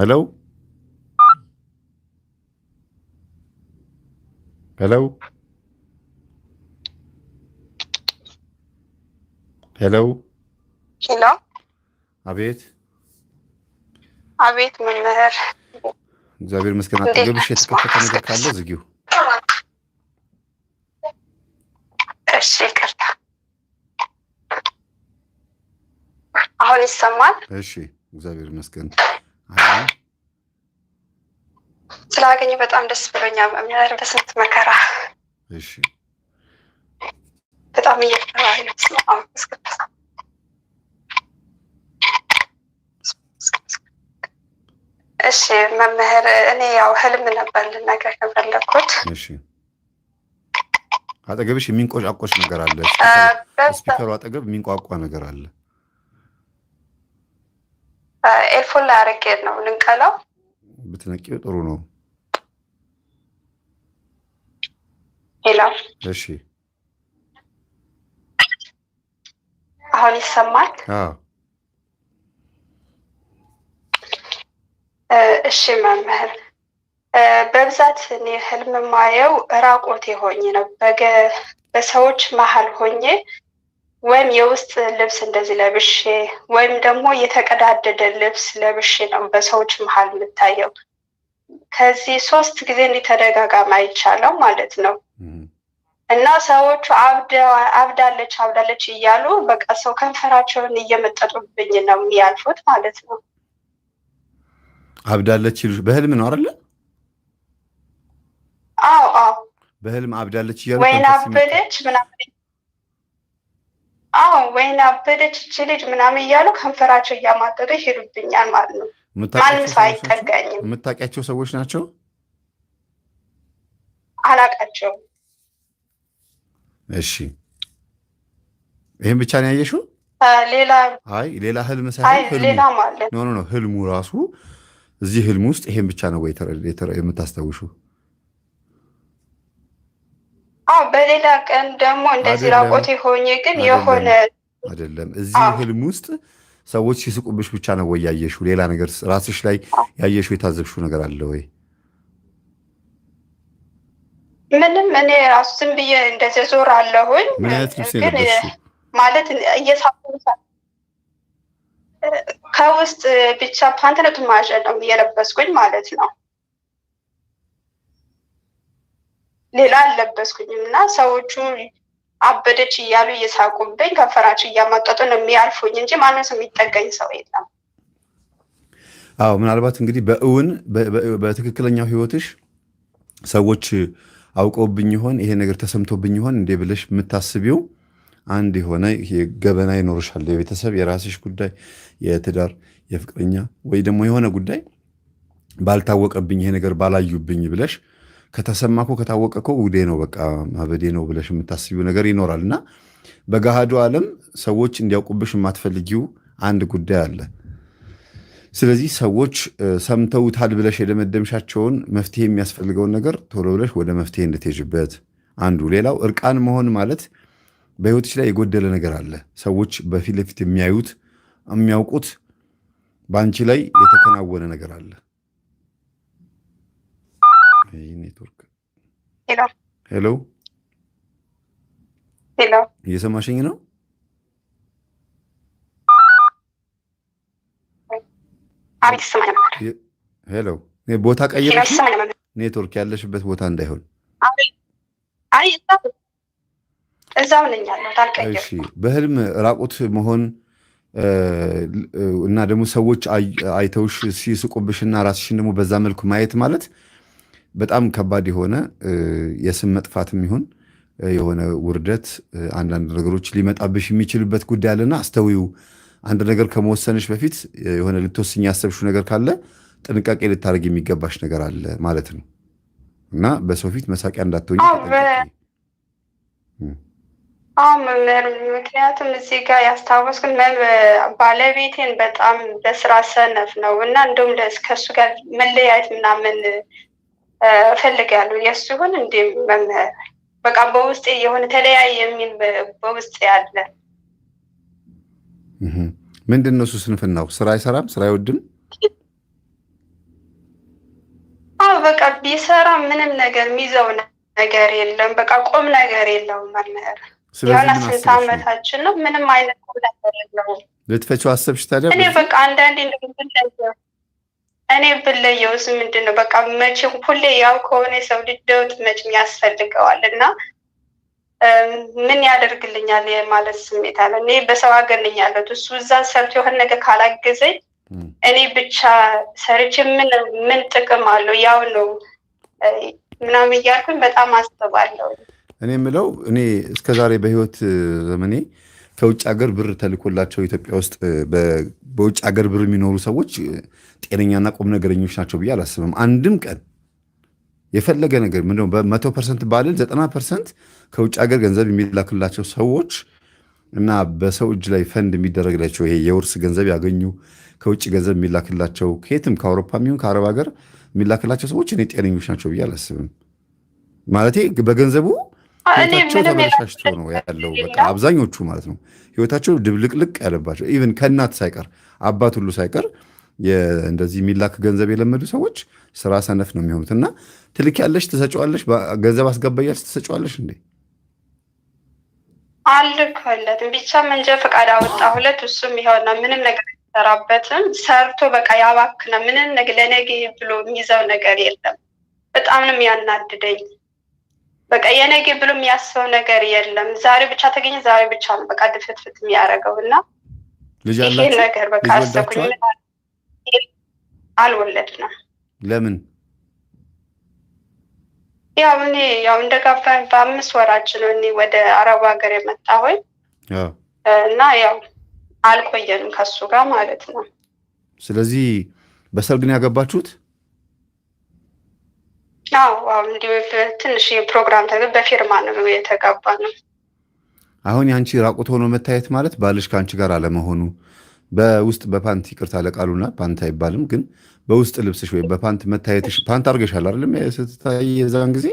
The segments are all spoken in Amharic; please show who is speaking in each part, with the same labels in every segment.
Speaker 1: ሄሎ ሄሎ ሄሎ
Speaker 2: ሄሎ። አቤት አቤት። መምህር
Speaker 1: እግዚአብሔር መስገን አጠገብሽ የተከፈተ ነገር ካለ ዝጊው።
Speaker 2: እሺ፣ ይቅርታ። አሁን ይሰማል።
Speaker 1: እሺ እግዚአብሔር ይመስገን።
Speaker 2: ስላገኘ በጣም ደስ ብሎኛል። መምህር በስንት መከራ በጣም እሺ መምህር፣ እኔ ያው ህልም ነበር ልነግርህ የፈለኩት።
Speaker 1: አጠገብሽ የሚንቆጫቆሽ ነገር አለ። ስፒከሩ አጠገብ የሚንቋቋ ነገር አለ።
Speaker 2: ኤልፎን ላይ አረቄ ነው ልንቀላው።
Speaker 1: ብትነቂው ጥሩ ነው። ሄሎ፣ እሺ፣
Speaker 2: አሁን ይሰማል? እሺ መምህር፣ በብዛት እኔ ህልም ማየው ራቆቴ ሆኜ ነው። በሰዎች መሀል ሆኜ ወይም የውስጥ ልብስ እንደዚህ ለብሼ ወይም ደግሞ የተቀዳደደ ልብስ ለብሼ ነው በሰዎች መሀል የምታየው። ከዚህ ሶስት ጊዜ እንዲተደጋጋሚ አይቻለው ማለት ነው። እና ሰዎቹ አብዳለች አብዳለች እያሉ በቃ ሰው ከንፈራቸውን እየመጠጡብኝ ነው የሚያልፉት ማለት ነው።
Speaker 1: አብዳለች ይሉሽ በህልም ነው አለ። አዎ አዎ፣ በህልም አብዳለች እያሉ
Speaker 2: ወይን አበደች ምናምን አዎ ወይኔ አበደች እቺ ልጅ ምናምን እያሉ ከንፈራቸው እያማጠጡ ይሄዱብኛል ማለት ነው። ማንም ሰው አይጠጋኝም።
Speaker 1: የምታውቂያቸው ሰዎች ናቸው?
Speaker 2: አላውቃቸውም።
Speaker 1: እሺ ይህን ብቻ ነው ያየሽው? ሌላ አይ ሌላ ህልም
Speaker 2: ሳይሆን ማለት
Speaker 1: ህልሙ ራሱ እዚህ ህልም ውስጥ ይሄን ብቻ ነው ወይ የምታስታውሹ?
Speaker 2: አዎ በሌላ ቀን ደግሞ እንደዚህ ራቆት የሆኜ ግን የሆነ
Speaker 1: አይደለም። እዚህ ህልም ውስጥ ሰዎች ሲስቁብሽ ብቻ ነው ወይ ያየሽው? ሌላ ነገር ራስሽ ላይ ያየሽው የታዘብሽው ነገር አለ ወይ?
Speaker 2: ምንም እኔ ራሱ ዝም ብዬ እንደዚህ ዞር አለሁኝ።
Speaker 1: ምን አይነት ልብስ የለበሽው?
Speaker 2: ማለት እየሳሳ ከውስጥ ብቻ ፓንትነቱን ማሸ ነው የለበስኩኝ ማለት ነው። ሌላ አልለበስኩኝም እና ሰዎቹ አበደች እያሉ እየሳቁብኝ ከንፈራቸው እያማጠጡ ነው የሚያልፉኝ እንጂ ማንም ሰው የሚጠጋኝ ሰው የለም።
Speaker 1: አዎ ምናልባት እንግዲህ በእውን በትክክለኛው ህይወትሽ ሰዎች አውቀውብኝ ይሆን ይሄ ነገር ተሰምቶብኝ ይሆን እንዴ ብለሽ የምታስቢው አንድ የሆነ ገበና ይኖርሻል። የቤተሰብ የራስሽ ጉዳይ፣ የትዳር፣ የፍቅረኛ ወይ ደግሞ የሆነ ጉዳይ ባልታወቀብኝ ይሄ ነገር ባላዩብኝ ብለሽ ከተሰማ እኮ ከታወቀ እኮ ውዴ ነው በቃ ማበዴ ነው ብለሽ የምታስቢው ነገር ይኖራል እና በገሃዱ ዓለም ሰዎች እንዲያውቁብሽ የማትፈልጊው አንድ ጉዳይ አለ። ስለዚህ ሰዎች ሰምተውታል ብለሽ የደመደምሻቸውን መፍትሄ የሚያስፈልገውን ነገር ቶሎ ብለሽ ወደ መፍትሄ እንድትሄጂበት አንዱ። ሌላው እርቃን መሆን ማለት በሕይወትሽ ላይ የጎደለ ነገር አለ። ሰዎች በፊት ለፊት የሚያዩት የሚያውቁት በአንቺ ላይ የተከናወነ ነገር አለ። ይህ ኔትወርክ ሄሎ ሄሎ፣ እየሰማሽኝ ነው? ሄሎ፣ ቦታ ቀይረሽ ኔትወርክ ያለሽበት ቦታ እንዳይሆን። በህልም ራቁት መሆን እና ደግሞ ሰዎች አይተውሽ ሲስቁብሽና ራስሽን ደግሞ በዛ መልኩ ማየት ማለት በጣም ከባድ የሆነ የስም መጥፋትም ይሁን የሆነ ውርደት አንዳንድ ነገሮች ሊመጣብሽ የሚችልበት ጉዳይ አለና አስተውዩ። አንድ ነገር ከመወሰንሽ በፊት የሆነ ልትወስኝ ያሰብሽው ነገር ካለ ጥንቃቄ ልታደርግ የሚገባሽ ነገር አለ ማለት ነው እና በሰው ፊት መሳቂያ እንዳትሆኝ።
Speaker 2: አዎ መምህር፣ ምክንያቱም እዚህ ጋር ያስታወስኩት ባለቤቴን በጣም በስራ ሰነፍ ነው እና እንደውም ከእሱ ጋር መለያየት ምናምን እፈልጋለሁ። የእሱ ይሁን እንዲ መምህር በቃ በውስጤ የሆነ ተለያየ የሚል በውስጤ ያለ
Speaker 1: ምንድን ነው እሱ ስንፍናው? ስራ አይሰራም፣ ስራ አይወድም።
Speaker 2: አዎ በቃ ቢሰራ ምንም ነገር የሚይዘው ነገር የለም። በቃ ቁም ነገር የለውም መምህር። የሆነ ስንት ዓመታችን ነው፣ ምንም አይነት ቁም ነገር የለውም።
Speaker 1: ልትፈቺው አሰብሽ ታዲያ?
Speaker 2: እኔ በቃ አንዳንዴ እንደምትለየው እኔ ብለየውስ ምንድን ነው በቃ መቼ ሁሌ ያው ከሆነ የሰው ልጅ ለውጥ መቼም ያስፈልገዋል እና ምን ያደርግልኛል የማለት ስሜት አለ። እኔ በሰው ሀገር ነኝ ያለሁት። እሱ እዛ ሰርቶ የሆነ ነገር ካላገዘኝ እኔ ብቻ ሰርቼ ምን ምን ጥቅም አለው? ያው ነው ምናምን እያልኩኝ በጣም አስባለሁ።
Speaker 1: እኔ የምለው እኔ እስከዛሬ በህይወት ዘመኔ ከውጭ ሀገር ብር ተልኮላቸው ኢትዮጵያ ውስጥ በውጭ ሀገር ብር የሚኖሩ ሰዎች ጤነኛና ቁም ነገረኞች ናቸው ብዬ አላስብም። አንድም ቀን የፈለገ ነገር ምንድን ነው በመቶ ፐርሰንት ባልል ዘጠና ፐርሰንት ከውጭ ሀገር ገንዘብ የሚላክላቸው ሰዎች እና በሰው እጅ ላይ ፈንድ የሚደረግላቸው ይሄ የውርስ ገንዘብ ያገኙ ከውጭ ገንዘብ የሚላክላቸው ከየትም ከአውሮፓ የሚሆን ከአረብ ሀገር የሚላክላቸው ሰዎች እኔ ጤነኞች ናቸው ብዬ አላስብም። ማለቴ በገንዘቡ
Speaker 2: ህይወታቸው ተበላሽቶ ነው ያለው።
Speaker 1: በቃ አብዛኞቹ ማለት ነው ህይወታቸው ድብልቅልቅ ያለባቸው ኢቨን ከእናት ሳይቀር አባት ሁሉ ሳይቀር እንደዚህ የሚላክ ገንዘብ የለመዱ ሰዎች ስራ ሰነፍ ነው የሚሆኑት። እና ያለሽ ትሰጫዋለሽ፣ ገንዘብ አስገባያለሽ፣ ትሰጫዋለሽ እንዴ?
Speaker 2: አልልክለትም። ብቻ መንጃ ፈቃድ አወጣ ሁለት እሱም ይሆና ምንም ነገር የሚሰራበትም ሰርቶ በቃ ያባክነ ምንም ለነገ ብሎ የሚይዘው ነገር የለም። በጣም ነው የሚያናድደኝ። በቃ የነገ ብሎ የሚያስበው ነገር የለም። ዛሬ ብቻ ተገኘ፣ ዛሬ ብቻ ነው በቃ ድፍትፍት የሚያደርገው እና
Speaker 1: ይሄ ነገር በቃ አሰብኩኝ
Speaker 2: አልወለድንም። ለምን? ያው እኔ ያው እንደጋባን በአምስት ወራችን ነው እኔ ወደ አረብ ሀገር ሆይ እና ያው አልቆየንም ከሱ ጋር ማለት ነው።
Speaker 1: ስለዚህ በሰርግ ነው ያገባችሁት?
Speaker 2: አዎ እንዲሁ ትንሽ ፕሮግራም ተ በፊርማ ነው የተጋባ ነው።
Speaker 1: አሁን የአንቺ ራቁት ሆኖ መታየት ማለት ባልሽ ከአንቺ ጋር አለመሆኑ በውስጥ በፓንት ይቅርታ ለቃሉና ፓንት አይባልም ግን በውስጥ ልብስሽ ወይም በፓንት መታየትሽ ፓንት አድርገሻል አይደለም ስትታይ የዛን ጊዜ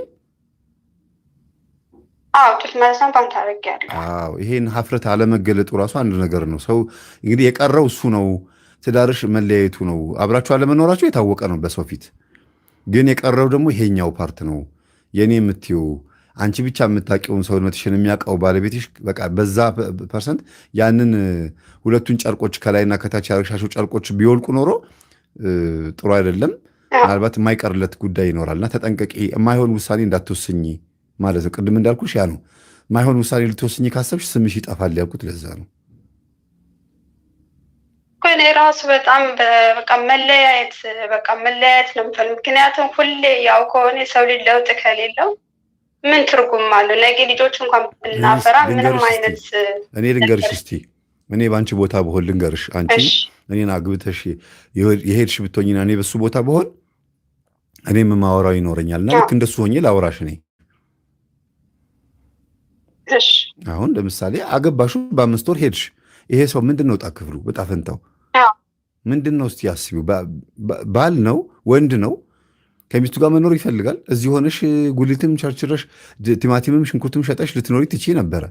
Speaker 1: ይሄን ሀፍረት አለመገለጡ ራሱ አንድ ነገር ነው። ሰው እንግዲህ የቀረው እሱ ነው። ትዳርሽ መለያየቱ ነው። አብራችሁ አለመኖራችሁ የታወቀ ነው በሰው ፊት። ግን የቀረው ደግሞ ይሄኛው ፓርት ነው የእኔ የምትይው አንቺ ብቻ የምታውቂውን ሰውነትሽን የሚያውቀው ባለቤትሽ በቃ በዛ ፐርሰንት ያንን ሁለቱን ጨርቆች ከላይና ከታች ያረግሻቸው ጨርቆች ቢወልቁ ኖሮ ጥሩ አይደለም። ምናልባት የማይቀርለት ጉዳይ ይኖራልና ተጠንቀቂ። የማይሆን ውሳኔ እንዳትወስኝ ማለት ነው። ቅድም እንዳልኩሽ ያ ነው። የማይሆን ውሳኔ ልትወስኝ ካሰብሽ ስምሽ ይጠፋል ያልኩት ለዛ ነው።
Speaker 2: እኔ ራሱ በጣም በቃ መለያየት በቃ መለያየት ነው ምፈል ምክንያቱም ሁሌ ያው ከሆነ ሰው ልጅ ለውጥ ከሌለው ምን ትርጉም አለው? ነገ ልጆች እንኳን
Speaker 1: ብናፈራ ምንም አይነት እኔ ልንገርሽ እስቲ እኔ በአንቺ ቦታ በሆን ልንገርሽ፣ አንቺ እኔን አግብተሽ የሄድሽ ብትሆኝና እኔ በሱ ቦታ በሆን እኔ ማወራው ይኖረኛል እና ልክ እንደሱ ሆኜ ላውራሽ እኔ አሁን ለምሳሌ አገባሹ በአምስት ወር ሄድሽ፣ ይሄ ሰው ምንድን ነው ዕጣ ክፍሉ ፈንታው ምንድን ነው? እስቲ አስቢው። ባል ነው ወንድ ነው ከሚስቱ ጋር መኖር ይፈልጋል። እዚህ ሆነሽ ጉሊትም ቸርችረሽ፣ ቲማቲምም ሽንኩርትም ሸጠሽ ልትኖሪ ትቼ ነበረ።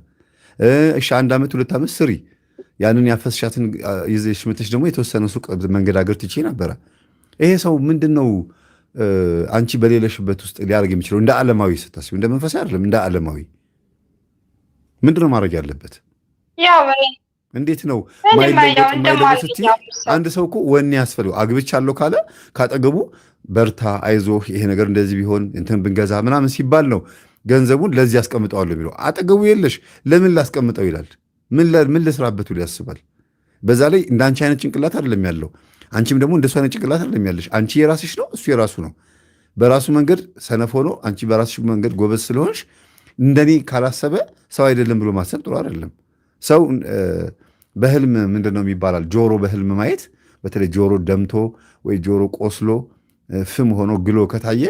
Speaker 1: እሺ አንድ ዓመት ሁለት ዓመት ስሪ። ያንን ያፈስሻትን ይዘሽ መተሽ ደግሞ የተወሰነ ሱቅ መንገዳገር ትቼ ነበረ። ይሄ ሰው ምንድን ነው አንቺ በሌለሽበት ውስጥ ሊያደርግ የሚችለው? እንደ ዓለማዊ ስታስቢ፣ እንደ መንፈሳዊ አይደለም፣ እንደ ዓለማዊ ምንድን ነው ማድረግ ያለበት? እንዴት ነው
Speaker 2: ማይለወጥ ማይለወጥ ስትይ፣
Speaker 1: አንድ ሰው እኮ ወኔ ያስፈልገው አግብቻለሁ ካለ ካጠገቡ በርታ፣ አይዞህ፣ ይሄ ነገር እንደዚህ ቢሆን እንትን ብንገዛ ምናምን ሲባል ነው ገንዘቡን ለዚህ አስቀምጠዋለሁ የሚለው። አጠገቡ የለሽ ለምን ላስቀምጠው ይላል። ምን ልስራበት ብሎ ያስባል። በዛ ላይ እንደ አንቺ አይነት ጭንቅላት አይደለም ያለው። አንቺም ደግሞ እንደሱ አይነት ጭንቅላት አይደለም ያለሽ። አንቺ የራስሽ ነው፣ እሱ የራሱ ነው። በራሱ መንገድ ሰነፍ ሆኖ አንቺ በራስሽ መንገድ ጎበዝ ስለሆንሽ እንደኔ ካላሰበ ሰው አይደለም ብሎ ማሰብ ጥሩ አይደለም። ሰው በህልም ምንድን ነው ጆሮ በህልም ማየት በተለይ ጆሮ ደምቶ ወይ ጆሮ ቆስሎ ፍም ሆኖ ግሎ ከታየ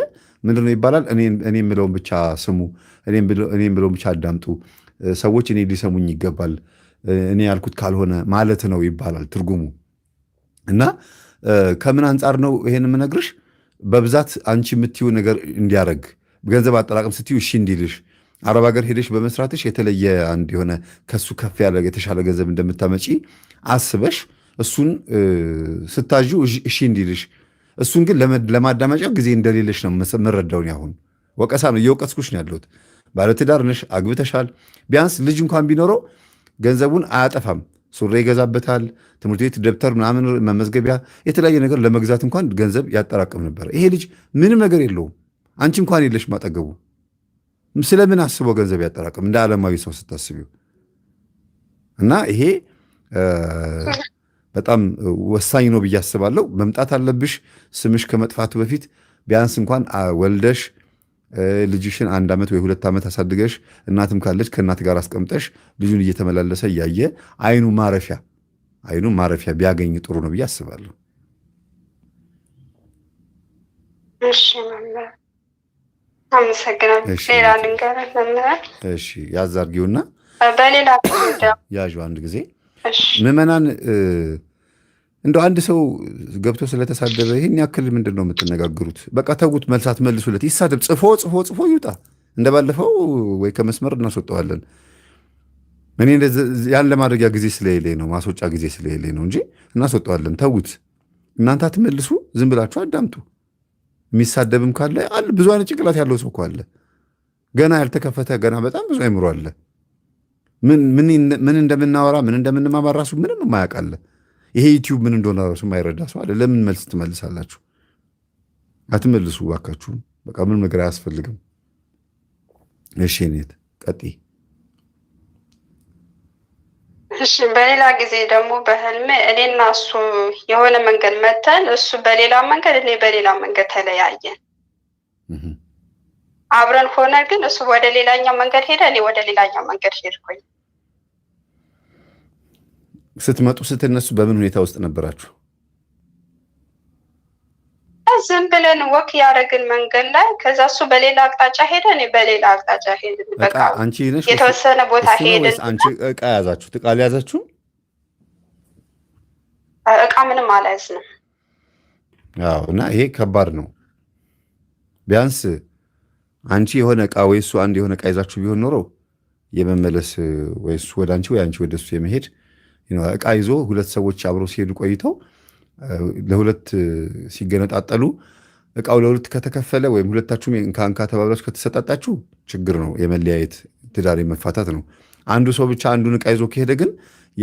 Speaker 1: ምንድን ነው ይባላል? እኔ የምለውን ብቻ ስሙ፣ እኔ የምለውን ብቻ አዳምጡ፣ ሰዎች እኔ ሊሰሙኝ ይገባል፣ እኔ ያልኩት ካልሆነ ማለት ነው ይባላል ትርጉሙ። እና ከምን አንጻር ነው ይሄን የምነግርሽ? በብዛት አንቺ የምትዩ ነገር እንዲያረግ ገንዘብ አጠራቅም ስትዩ እሺ እንዲልሽ አረብ ሀገር ሄደሽ በመስራትሽ የተለየ አንድ የሆነ ከሱ ከፍ ያለ የተሻለ ገንዘብ እንደምታመጪ አስበሽ እሱን ስታዥ እሺ እንዲልሽ እሱን ግን ለማዳመጫ ጊዜ እንደሌለሽ ነው መረዳውን። ያሁን ወቀሳ ነው፣ እየወቀስኩሽ ነው ያለሁት። ባለትዳር ነሽ፣ አግብተሻል። ቢያንስ ልጅ እንኳን ቢኖረው ገንዘቡን አያጠፋም። ሱሪ ይገዛበታል፣ ትምህርት ቤት ደብተር፣ ምናምን መመዝገቢያ፣ የተለያየ ነገር ለመግዛት እንኳን ገንዘብ ያጠራቅም ነበር። ይሄ ልጅ ምንም ነገር የለውም። አንቺ እንኳን የለሽ ማጠገቡ ስለምን አስበው ገንዘብ ያጠራቅም እንደ ዓለማዊ ሰው ስታስቢው እና ይሄ በጣም ወሳኝ ነው ብዬ አስባለሁ። መምጣት አለብሽ። ስምሽ ከመጥፋቱ በፊት ቢያንስ እንኳን ወልደሽ ልጅሽን አንድ ዓመት ወይ ሁለት ዓመት አሳድገሽ እናትም ካለች ከእናት ጋር አስቀምጠሽ ልጁን እየተመላለሰ እያየ አይኑ ማረፊያ አይኑ ማረፊያ ቢያገኝ ጥሩ ነው ብዬ አስባለሁ።
Speaker 2: አመሰግናለሁ። ሌላ ልንገርህ መምህር።
Speaker 1: እሺ ያዝ በሌላ ያዥ አንድ ጊዜ ምዕመናን እንደ አንድ ሰው ገብቶ ስለተሳደበ ይህን ያክል ምንድን ነው የምትነጋግሩት? በቃ ተውት፣ መልሳት መልሱለት። ይሳደብ፣ ጽፎ ጽፎ ጽፎ ይውጣ። እንደባለፈው ወይ ከመስመር እናስወጠዋለን። እኔ ያን ለማድረጊያ ጊዜ ስለሌለኝ ነው፣ ማስወጫ ጊዜ ስለሌለኝ ነው እንጂ እናስወጠዋለን። ተውት፣ እናንተ አትመልሱ፣ ዝም ብላችሁ አዳምጡ። የሚሳደብም ካለ አለ። ብዙ አይነት ጭንቅላት ያለው ሰው እኮ አለ። ገና ያልተከፈተ ገና በጣም ብዙ አይምሮ አለ። ምን እንደምናወራ ምን እንደምንማማር ራሱ ምንም የማያውቅ አለ። ይሄ ዩቲዩብ ምን እንደሆነ ራሱ የማይረዳ ሰው አለ። ለምን መልስ ትመልሳላችሁ? አትመልሱ እባካችሁ። በቃ ምንም ነገር አያስፈልግም። እሺ ኔት
Speaker 2: እሺ በሌላ ጊዜ ደግሞ በህልሜ እኔና እሱ የሆነ መንገድ መተን እሱ በሌላ መንገድ እኔ በሌላ መንገድ ተለያየን። አብረን ሆነ ግን እሱ ወደ ሌላኛው መንገድ ሄደ፣ እኔ ወደ ሌላኛው መንገድ ሄድኩኝ።
Speaker 1: ስትመጡ ስትነሱ በምን ሁኔታ ውስጥ ነበራችሁ?
Speaker 2: ዝም ብለን ወክ ያደረግን መንገድ ላይ ከዛ እሱ በሌላ አቅጣጫ ሄደ፣ እኔ በሌላ አቅጣጫ ሄድን። በቃ የተወሰነ ቦታ ሄድን።
Speaker 1: አንቺ እቃ ያዛችሁ እቃ ያዛችሁ
Speaker 2: እቃ ምንም አልያዝንም።
Speaker 1: ያው እና ይሄ ከባድ ነው። ቢያንስ አንቺ የሆነ እቃ ወይ እሱ አንድ የሆነ እቃ ይዛችሁ ቢሆን ኖሮ የመመለስ ወይ እሱ ወደ አንቺ ወይ አንቺ ወደ እሱ የመሄድ እቃ ይዞ ሁለት ሰዎች አብረው ሲሄዱ ቆይተው ለሁለት ሲገነጣጠሉ እቃው ለሁለት ከተከፈለ ወይም ሁለታችሁም እንካንካ ተባብላችሁ ከተሰጣጣችሁ ችግር ነው፣ የመለያየት ትዳር መፋታት ነው። አንዱ ሰው ብቻ አንዱን እቃ ይዞ ከሄደ ግን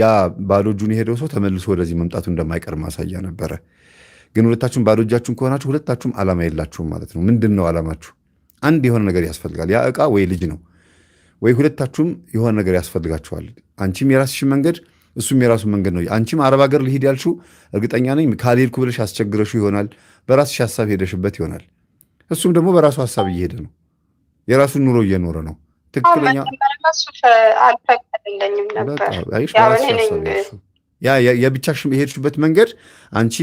Speaker 1: ያ ባዶ እጁን የሄደው ሰው ተመልሶ ወደዚህ መምጣቱ እንደማይቀር ማሳያ ነበረ። ግን ሁለታችሁም ባዶ እጃችሁን ከሆናችሁ ሁለታችሁም አላማ የላችሁም ማለት ነው። ምንድን ነው አላማችሁ? አንድ የሆነ ነገር ያስፈልጋል። ያ እቃ ወይ ልጅ ነው ወይ ሁለታችሁም የሆነ ነገር ያስፈልጋችኋል። አንቺም የራስሽን መንገድ እሱም የራሱ መንገድ ነው። አንቺም አረብ ሀገር ልሂድ ያልሽው እርግጠኛ ነኝ ካልሄድኩ ብለሽ አስቸግረሽው ይሆናል። በራስሽ ሀሳብ ሄደሽበት ይሆናል። እሱም ደግሞ በራሱ ሀሳብ እየሄደ ነው። የራሱን ኑሮ እየኖረ ነው። ትክክለኛ የብቻሽ የሄድሽበት መንገድ አንቺ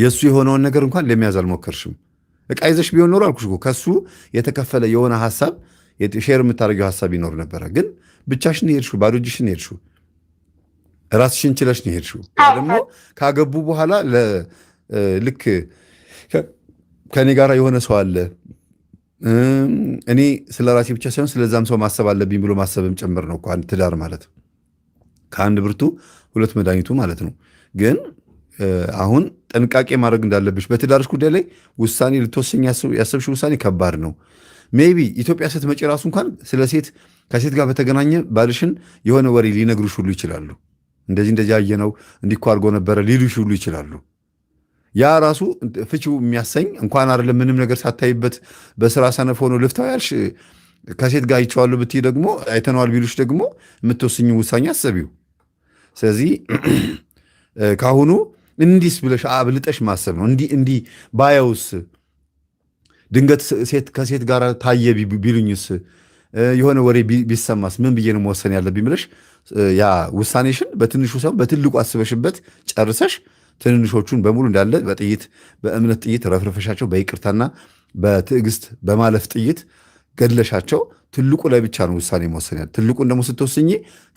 Speaker 1: የእሱ የሆነውን ነገር እንኳን ለመያዝ አልሞከርሽም። እቃ ይዘሽ ቢሆን ኖሮ አልኩሽ እኮ ከሱ የተከፈለ የሆነ ሀሳብ ሼር የምታደርገው ሀሳብ ይኖር ነበረ። ግን ብቻሽን ሄድሽው፣ ባዶ እጅሽን ሄድሽው። ራስሽን ችለሽ ነው ሄድሽው። ደግሞ ካገቡ በኋላ ልክ ከእኔ ጋር የሆነ ሰው አለ እኔ ስለ ራሴ ብቻ ሳይሆን ስለዛም ሰው ማሰብ አለብኝ ብሎ ማሰብም ጭምር ነው አንድ ትዳር ማለት ከአንድ ብርቱ ሁለት መድኃኒቱ ማለት ነው። ግን አሁን ጥንቃቄ ማድረግ እንዳለብሽ በትዳርሽ ጉዳይ ላይ ውሳኔ ልትወሰኝ ያሰብሽ ውሳኔ ከባድ ነው። ሜቢ ቢ ኢትዮጵያ ስትመጪ ራሱ እንኳን ስለ ሴት ከሴት ጋር በተገናኘ ባልሽን የሆነ ወሬ ሊነግሩሽ ሁሉ ይችላሉ። እንደዚህ እንደዚህ ነው እንዲኮ አድርጎ ነበረ ሊሉሽ ሁሉ ይችላሉ። ያ ራሱ ፍቺው የሚያሰኝ እንኳን አይደለም ምንም ነገር ሳታይበት በስራ ሰነፍ ሆኖ ልፍታው ያልሽ ከሴት ጋር አይቼዋለሁ ብትይ ደግሞ አይተነዋል ቢሉሽ ደግሞ የምትወስኝ ውሳኔ አሰቢው። ስለዚህ ካሁኑ እንዲስ ብለሽ አብልጠሽ ማሰብ ነው። እንዲህ እንዲህ ባየውስ ድንገት ከሴት ጋር ታየ ቢሉኝስ የሆነ ወሬ ቢሰማስ ምን ብዬ ነው መወሰን ያለብኝ ብለሽ ያ ውሳኔሽን በትንሹ ሳይሆን በትልቁ አስበሽበት ጨርሰሽ ትንንሾቹን በሙሉ እንዳለ በጥይት በእምነት ጥይት ረፍረፈሻቸው በይቅርታና በትዕግስት በማለፍ ጥይት ገድለሻቸው ትልቁ ላይ ብቻ ነው ውሳኔ መወሰን ያለ። ትልቁን ደግሞ ስትወስኝ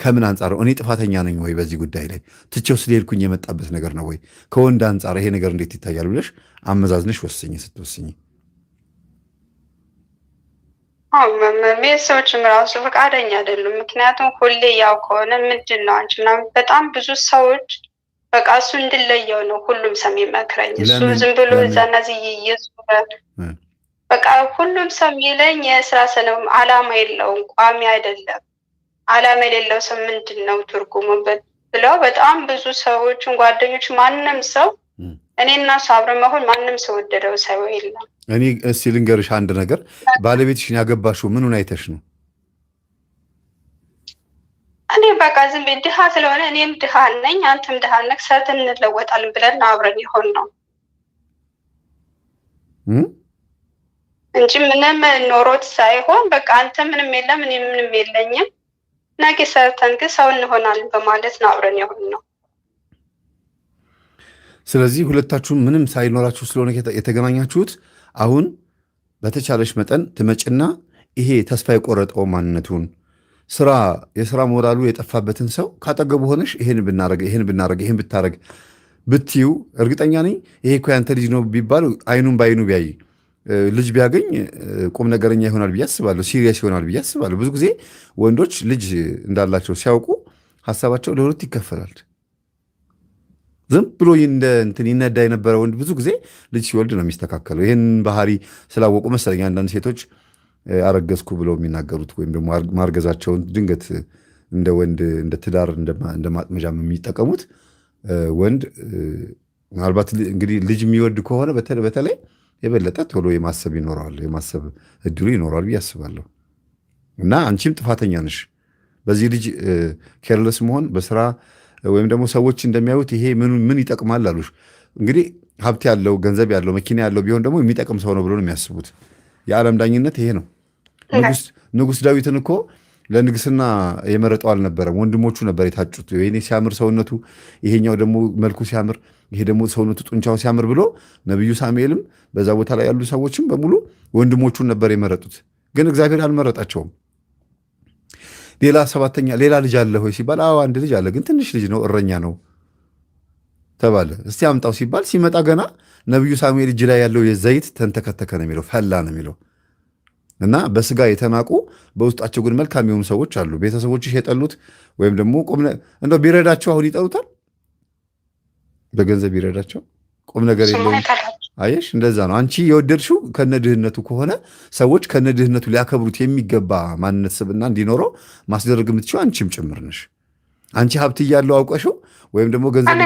Speaker 1: ከምን አንጻር እኔ ጥፋተኛ ነኝ ወይ በዚህ ጉዳይ ላይ ትቼው ስለሄድኩኝ የመጣበት ነገር ነው ወይ ከወንድ አንጻር ይሄ ነገር እንዴት ይታያል ብለሽ አመዛዝነሽ ወስኝ ስትወስኝ
Speaker 2: ቤተሰቦችም ራሱ ፈቃደኛ አይደሉም። ምክንያቱም ሁሌ ያው ከሆነ ምንድን ነው አንቺ ምናምን በጣም ብዙ ሰዎች በቃ እሱ እንድለየው ነው ሁሉም ሰው የሚመክረኝ። እሱ ዝም ብሎ እዛና ዝዬ እየዞረ በቃ ሁሉም ሰው የሚለኝ የስራ ሰነው አላማ የለውም፣ ቋሚ አይደለም። አላማ የሌለው ሰው ምንድን ነው ትርጉሙ ብለው በጣም ብዙ ሰዎችን ጓደኞች፣ ማንም ሰው እኔና እሱ አብረን መሆን ማንም ሰው ወደደው ሰው የለም
Speaker 1: እኔ እስቲ ልንገርሽ አንድ ነገር፣ ባለቤትሽን ያገባሽው ምን ሁናይተሽ ነው?
Speaker 2: እኔ በቃ ዝም ድሃ ስለሆነ እኔም ድሃ ነኝ፣ አንተም ድሃ ነህ፣ ሰርተን እንለወጣለን ብለን አብረን ይሆን ነው እንጂ ምንም ኖሮት ሳይሆን በቃ አንተ ምንም የለም እኔ ምንም የለኝም፣ ነገ ሰርተን ግን ሰው እንሆናለን በማለት ነው አብረን ይሆን ነው።
Speaker 1: ስለዚህ ሁለታችሁም ምንም ሳይኖራችሁ ስለሆነ የተገናኛችሁት አሁን በተቻለሽ መጠን ትመጭና ይሄ ተስፋ የቆረጠው ማንነቱን ስራ የስራ ሞራሉ የጠፋበትን ሰው ካጠገቡ ሆነሽ ይሄን ብናረግ ይሄን ብናረግ ይሄን ብታረግ ብትዩ እርግጠኛ ነኝ ይሄ እኮ ያንተ ልጅ ነው ቢባል አይኑን በአይኑ ቢያይ ልጅ ቢያገኝ ቁም ነገረኛ ይሆናል ብዬ አስባለሁ። ሲሪየስ ይሆናል ብዬ አስባለሁ። ብዙ ጊዜ ወንዶች ልጅ እንዳላቸው ሲያውቁ ሀሳባቸው ለሁለት ይከፈላል። ዝም ብሎ እንደ እንትን ይነዳ የነበረ ወንድ ብዙ ጊዜ ልጅ ሲወልድ ነው የሚስተካከለው። ይህን ባህሪ ስላወቁ መሰለኝ አንዳንድ ሴቶች አረገዝኩ ብለው የሚናገሩት ወይም ደግሞ ማርገዛቸውን ድንገት እንደ ወንድ እንደ ትዳር እንደ ማጥመጃም የሚጠቀሙት ወንድ ምናልባት እንግዲህ ልጅ የሚወድ ከሆነ በተለይ የበለጠ ቶሎ የማሰብ ይኖረዋል፣ የማሰብ እድሉ ይኖረዋል ብዬ አስባለሁ። እና አንቺም ጥፋተኛ ነሽ በዚህ ልጅ ኬርለስ መሆን በስራ ወይም ደግሞ ሰዎች እንደሚያዩት ይሄ ምን ይጠቅማል አሉ። እንግዲህ ሀብት ያለው ገንዘብ ያለው መኪና ያለው ቢሆን ደግሞ የሚጠቅም ሰው ነው ብሎ ነው የሚያስቡት። የዓለም ዳኝነት ይሄ ነው። ንጉስ ዳዊትን እኮ ለንግስና የመረጠው አልነበረም፣ ወንድሞቹ ነበር የታጩት። ይሄ ሲያምር ሰውነቱ፣ ይሄኛው ደግሞ መልኩ ሲያምር፣ ይሄ ደግሞ ሰውነቱ ጡንቻው ሲያምር ብሎ ነቢዩ ሳሙኤልም በዛ ቦታ ላይ ያሉ ሰዎችም በሙሉ ወንድሞቹን ነበር የመረጡት። ግን እግዚአብሔር አልመረጣቸውም። ሌላ ሰባተኛ ሌላ ልጅ አለ ሆይ ሲባል አዎ አንድ ልጅ አለ፣ ግን ትንሽ ልጅ ነው እረኛ ነው ተባለ። እስቲ አምጣው ሲባል ሲመጣ ገና ነቢዩ ሳሙኤል እጅ ላይ ያለው የዘይት ተንተከተከ ነው የሚለው ፈላ ነው የሚለው እና በስጋ የተናቁ በውስጣቸው ግን መልካም የሆኑ ሰዎች አሉ። ቤተሰቦችሽ የጠሉት ወይም ደግሞ እንደው ቢረዳቸው አሁን ይጠሉታል በገንዘብ ቢረዳቸው
Speaker 2: ቁም ነገር የለውም።
Speaker 1: አየሽ፣ እንደዛ ነው። አንቺ የወደድሽው ከነ ድህነቱ ከሆነ ሰዎች ከነ ድህነቱ ሊያከብሩት የሚገባ ማንነት ስብና እንዲኖረው ማስደረግ የምትችው አንቺም ጭምር ነሽ። አንቺ ሀብት እያለው አውቀሽው
Speaker 2: ወይም ደግሞ ገንዘብ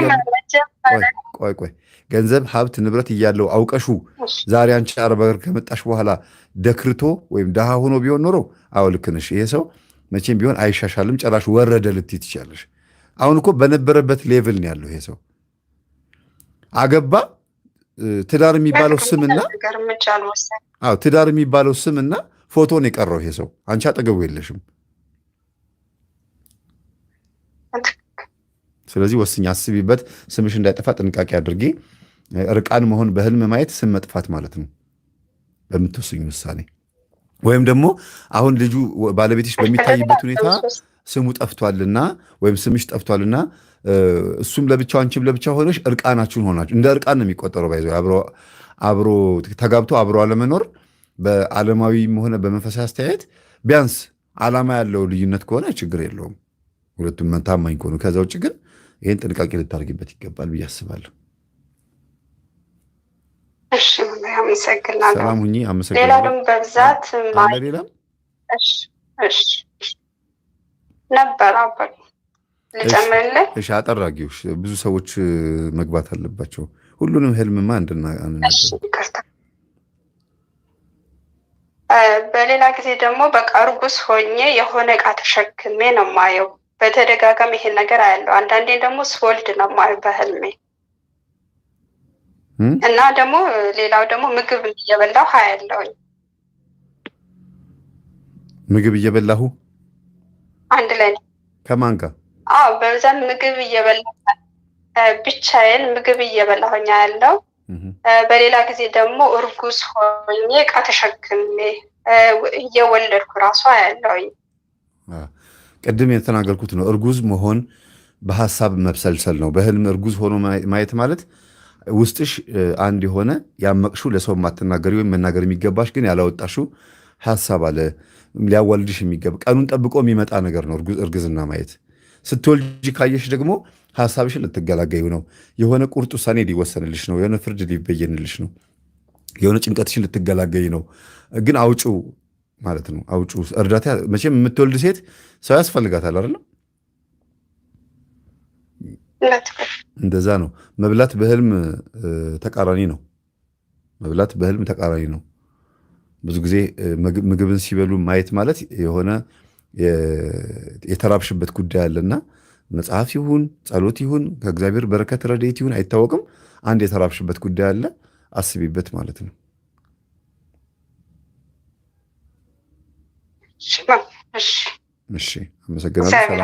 Speaker 1: ቆይ ቆይ ገንዘብ ሀብት ንብረት እያለው አውቀሹ ዛሬ አንቺ አረብ ሀገር ከመጣሽ በኋላ ደክርቶ ወይም ደሃ ሆኖ ቢሆን ኖሮ አዎ ልክ ነሽ። ይሄ ሰው መቼም ቢሆን አይሻሻልም፣ ጭራሽ ወረደ ልትይ አሁን እኮ በነበረበት ሌቭል ነው ያለው ይሄ ሰው አገባ ትዳር የሚባለው ስምና ትዳር የሚባለው ስምና ፎቶን የቀረው ይሄ ሰው አንቺ አጠገቡ የለሽም። ስለዚህ ወስኝ አስቢበት። ስምሽ እንዳይጠፋ ጥንቃቄ አድርጌ። እርቃን መሆን በህልም ማየት ስም መጥፋት ማለት ነው በምትወስኝ ውሳኔ ወይም ደግሞ አሁን ልጁ ባለቤትሽ በሚታይበት ሁኔታ ስሙ ጠፍቷልና ወይም ስምሽ ጠፍቷልና እሱም ለብቻው አንቺም ለብቻ ሆነሽ እርቃናችሁን ሆናችሁ እንደ እርቃን ነው የሚቆጠረው። ባይዘ አብሮ ተጋብቶ አብሮ አለመኖር በዓለማዊም ሆነ በመንፈሳዊ አስተያየት ቢያንስ ዓላማ ያለው ልዩነት ከሆነ ችግር የለውም፣ ሁለቱም መንታማኝ ከሆኑ። ከዛ ውጭ ግን ይህን ጥንቃቄ ልታርጊበት ይገባል ብዬ አስባለሁ። ሰላም ሁኚ።
Speaker 2: አመሰግናለሁ። ሌላ ደግሞ በብዛት እሺ ነበር
Speaker 1: እሺ አጠራጊዎች ብዙ ሰዎች መግባት አለባቸው። ሁሉንም ህልምማ
Speaker 2: እንድናቅርታ በሌላ ጊዜ ደግሞ በቃ እርጉዝ ሆኜ የሆነ እቃ ተሸክሜ ነው ማየው። በተደጋጋሚ ይሄን ነገር አያለው። አንዳንዴ ደግሞ ስወልድ ነው ማየው በህልሜ እና ደግሞ ሌላው ደግሞ ምግብ እየበላሁ አያለውኝ
Speaker 1: ምግብ እየበላሁ አንድ ላይ ነው። ከማን ጋር?
Speaker 2: አዎ በዛ ምግብ እየበላ ብቻዬን ምግብ እየበላሁኝ ያለው። በሌላ ጊዜ ደግሞ እርጉዝ ሆኜ እቃ ተሸክሜ እየወለድኩ ራሱ ያለውኝ።
Speaker 1: ቅድም የተናገርኩት ነው። እርጉዝ መሆን በሀሳብ መብሰልሰል ነው። በህልም እርጉዝ ሆኖ ማየት ማለት ውስጥሽ አንድ የሆነ ያመቅሹ ለሰው የማትናገሪ ወይም መናገር የሚገባሽ ግን ያላወጣሹ ሀሳብ አለ። ሊያዋልድሽ የሚገባ ቀኑን ጠብቆ የሚመጣ ነገር ነው እርግዝና ማየት። ስትወልጅ ካየሽ ደግሞ ሀሳብሽን ልትገላገዩ ነው። የሆነ ቁርጥ ውሳኔ ሊወሰንልሽ ነው። የሆነ ፍርድ ሊበየንልሽ ነው። የሆነ ጭንቀትሽን ልትገላገይ ነው። ግን አውጩ ማለት ነው። አውጩ እርዳታ። መቼም የምትወልድ ሴት ሰው ያስፈልጋታል አይደለም? እንደዛ ነው። መብላት በህልም ተቃራኒ ነው። መብላት በህልም ተቃራኒ ነው። ብዙ ጊዜ ምግብን ሲበሉ ማየት ማለት የሆነ የተራብሽበት ጉዳይ አለና መጽሐፍ ይሁን ጸሎት ይሁን ከእግዚአብሔር በረከት ረድኤት ይሁን አይታወቅም። አንድ የተራብሽበት ጉዳይ አለ፣ አስቢበት ማለት ነው። እሺ፣
Speaker 2: አመሰግናለሁ።